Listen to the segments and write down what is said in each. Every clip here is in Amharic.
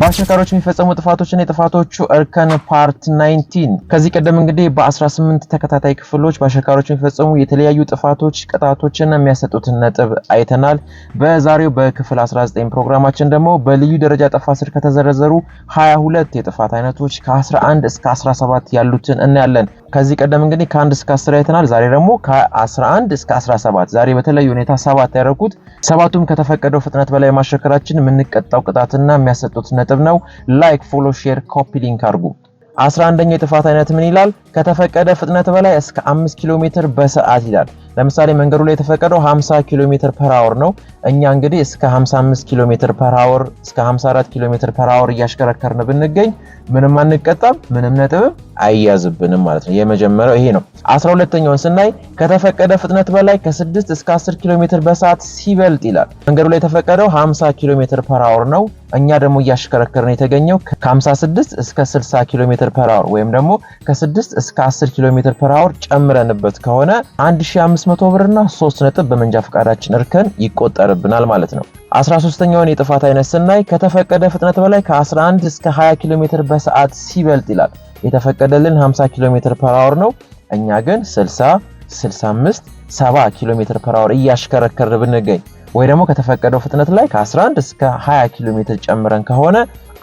በአሽከርካሪዎች የሚፈጸሙ ጥፋቶችና የጥፋቶቹ እርከን ፓርት 19። ከዚህ ቀደም እንግዲህ በ18 ተከታታይ ክፍሎች በአሽከርካሪዎች የሚፈጸሙ የተለያዩ ጥፋቶች ቅጣቶችን የሚያሰጡትን ነጥብ አይተናል። በዛሬው በክፍል 19 ፕሮግራማችን ደግሞ በልዩ ደረጃ ጥፋት ስር ከተዘረዘሩ 22 የጥፋት አይነቶች ከ11 እስከ 17 ያሉትን እናያለን። ከዚህ ቀደም እንግዲህ ከአንድ እስከ አስር አይተናል። ዛሬ ደግሞ ከ11 እስከ 17 ዛሬ በተለየ ሁኔታ ሰባት ያደረኩት ሰባቱም ከተፈቀደው ፍጥነት በላይ ማሸከራችን የምንቀጣው ቅጣትና የሚያሰጡት ነጥብ ነው። ላይክ፣ ፎሎ፣ ሼር፣ ኮፒ ሊንክ አድርጉ። 11ኛው የጥፋት አይነት ምን ይላል? ከተፈቀደ ፍጥነት በላይ እስከ 5 ኪሎ ሜትር በሰዓት ይላል። ለምሳሌ መንገዱ ላይ የተፈቀደው 50 ኪሎ ሜትር ፐር አወር ነው። እኛ እንግዲህ እስከ 55 ኪሎ ሜትር ፐር አወር እስከ 54 ኪሎ ሜትር ፐር አወር እያሽከረከርን ብንገኝ ምንም አንቀጣም፣ ምንም ነጥብም አይያዝብንም ማለት ነው። የመጀመሪያው ይሄ ነው። 12ኛውን ስናይ ከተፈቀደ ፍጥነት በላይ ከ6 እስከ 10 ኪሎ ሜትር በሰዓት ሲበልጥ ይላል። መንገዱ ላይ የተፈቀደው 50 ኪሎ ሜትር ፐር አወር ነው። እኛ ደግሞ እያሽከረከርን የተገኘው ከ56 እስከ 60 ኪሎ ሜትር ፐር አወር ወይም ደግሞ ከ6 እስከ 10 ኪሎ ሜትር ፐር አወር ጨምረንበት ከሆነ 1500 300 ብርና 3 ነጥብ በመንጃ ፈቃዳችን እርከን ይቆጠርብናል ማለት ነው። 13ኛውን የጥፋት አይነት ስናይ ከተፈቀደ ፍጥነት በላይ ከ11 እስከ 20 ኪሎ ሜትር በሰዓት ሲበልጥ ይላል። የተፈቀደልን 50 ኪሎ ሜትር ፐር አወር ነው። እኛ ግን 60፣ 65፣ 70 ኪሎ ሜትር ፐር አወር እያሽከረከር ብንገኝ ወይ ደግሞ ከተፈቀደው ፍጥነት ላይ ከ11 እስከ 20 ኪሎ ሜትር ጨምረን ከሆነ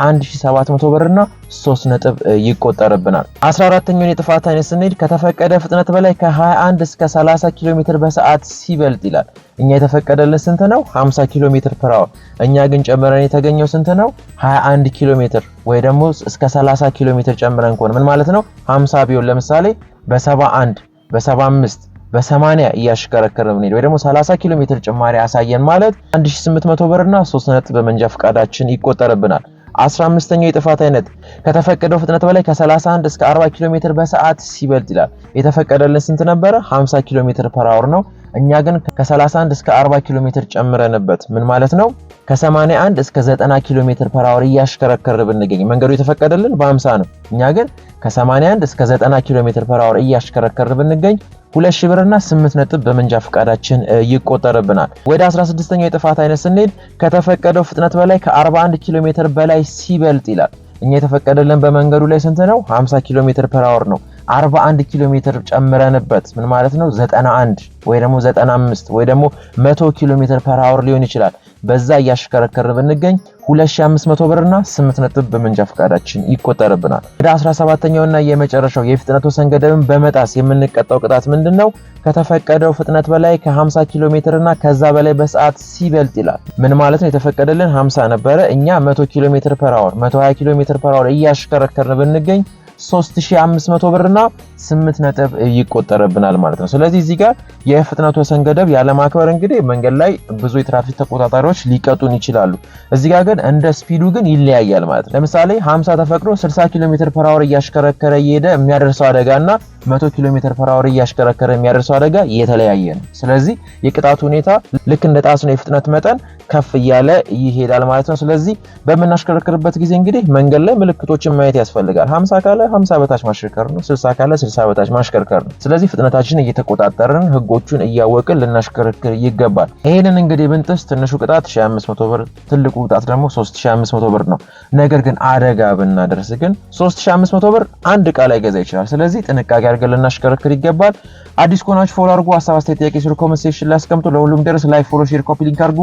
1700 ብር እና 3 ነጥብ ይቆጠርብናል። 14ተኛውን የጥፋት አይነት ስንሄድ ከተፈቀደ ፍጥነት በላይ ከ21 እስከ 30 ኪሎ ሜትር በሰዓት ሲበልጥ ይላል። እኛ የተፈቀደልን ስንት ነው? 50 ኪሎ ሜትር ፐር አወር። እኛ ግን ጨምረን የተገኘው ስንት ነው? 21 ኪሎ ሜትር ወይ ደግሞ እስከ 30 ኪሎ ሜትር ጨምረን ከሆነ ምን ማለት ነው? 50 ቢሆን ለምሳሌ በ71 በ75 በ80 እያሽከረከረ ነው ወይ ደግሞ 30 ኪሎ ሜትር ጭማሪ ያሳየን ማለት 1800 ብርና 3 ነጥብ በመንጃ ፈቃዳችን ይቆጠርብናል። 15ኛው የጥፋት አይነት ከተፈቀደው ፍጥነት በላይ ከ31 እስከ 40 ኪሎ ሜትር በሰዓት ሲበልጥ ይላል። የተፈቀደልን ስንት ነበረ? 50 ኪሎ ሜትር ፐር አወር ነው። እኛ ግን ከ31 እስከ 40 ኪሎ ሜትር ጨምረንበት ምን ማለት ነው? ከ81 እስከ 90 ኪሎ ሜትር ፐር አወር እያሽከረከር ብንገኝ መንገዱ የተፈቀደልን በ50 ነው። እኛ ግን ከ81 እስከ 90 ኪሎ ሜትር ፐር አወር እያሽከረከር ብንገኝ ሁለት ሺህ ብርና ስምንት ነጥብ በመንጃ ፈቃዳችን ይቆጠርብናል። ወደ 16ኛው የጥፋት አይነት ስንሄድ ከተፈቀደው ፍጥነት በላይ ከ41 ኪሎ ሜትር በላይ ሲበልጥ ይላል። እኛ የተፈቀደልን በመንገዱ ላይ ስንት ነው? 50 ኪሎ ሜትር ፐር አወር ነው። 41 ኪሎ ሜትር ጨምረንበት ምን ማለት ነው? 91 ወይ ደግሞ 95 ወይ ደግሞ 100 ኪሎ ሜትር ፐር አወር ሊሆን ይችላል። በዛ እያሽከረከር ብንገኝ 2500 ብርና 8 ነጥብ በመንጃ ፈቃዳችን ይቆጠርብናል። ወደ 17ኛውና የመጨረሻው የፍጥነት ወሰን ገደብን በመጣስ የምንቀጣው ቅጣት ምንድን ነው? ከተፈቀደው ፍጥነት በላይ ከ50 ኪሎ ሜትርና ከዛ በላይ በሰዓት ሲበልጥ ይላል። ምን ማለት ነው? የተፈቀደልን 50 ነበረ። እኛ 100 ኪሎ ሜትር ፐር አወር 120 ኪሎ ሜትር ፐር አወር እያሽከረከርን ብንገኝ 3500 ብርና 8 ነጥብ ይቆጠርብናል ማለት ነው። ስለዚህ እዚህ ጋር የፍጥነት ወሰን ገደብ ያለማክበር እንግዲህ መንገድ ላይ ብዙ የትራፊክ ተቆጣጣሪዎች ሊቀጡን ይችላሉ። እዚህ ጋር ግን እንደ ስፒዱ ግን ይለያያል ማለት ነው። ለምሳሌ 50 ተፈቅዶ 60 ኪሎ ሜትር ፐር አወር እያሽከረከረ እየሄደ የሚያደርሰው አደጋና 100 ኪሎ ሜትር ፐር አወር እያሽከረከረ የሚያደርሰው አደጋ የተለያየ ነው። ስለዚህ የቅጣቱ ሁኔታ ልክ እንደ ጣስ ነው የፍጥነት መጠን ከፍ እያለ ይሄዳል ማለት ነው። ስለዚህ በምናሽከረክርበት ጊዜ እንግዲህ መንገድ ላይ ምልክቶችን ማየት ያስፈልጋል። 50 ካለ 50 በታች ማሽከርከር ነው፣ 60 ካለ 60 በታች ማሽከርከር ነው። ስለዚህ ፍጥነታችንን እየተቆጣጠርን ህጎቹን እያወቅን ልናሽከረክር ይገባል። ይህንን እንግዲህ ብንጥስ ትንሹ ቅጣት 1500 ብር፣ ትልቁ ቅጣት ደግሞ 3500 ብር ነው። ነገር ግን አደጋ ብናደርስ ግን 3500 ብር አንድ እቃ ላይ ገዛ ይችላል። ስለዚህ ጥንቃቄ አድርገን ልናሽከረክር ይገባል። አዲስ ከሆናችሁ ፎሎ አድርጉ። ሀሳብ አስተያየት፣ ጥያቄ ስር ኮመንት ሴክሽን ላይ አስቀምጡ። ለሁሉም ደርስ ላይ ፎሎ፣ ሼር፣ ኮፒ ሊንክ አድርጉ።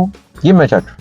ይመቻችሁ።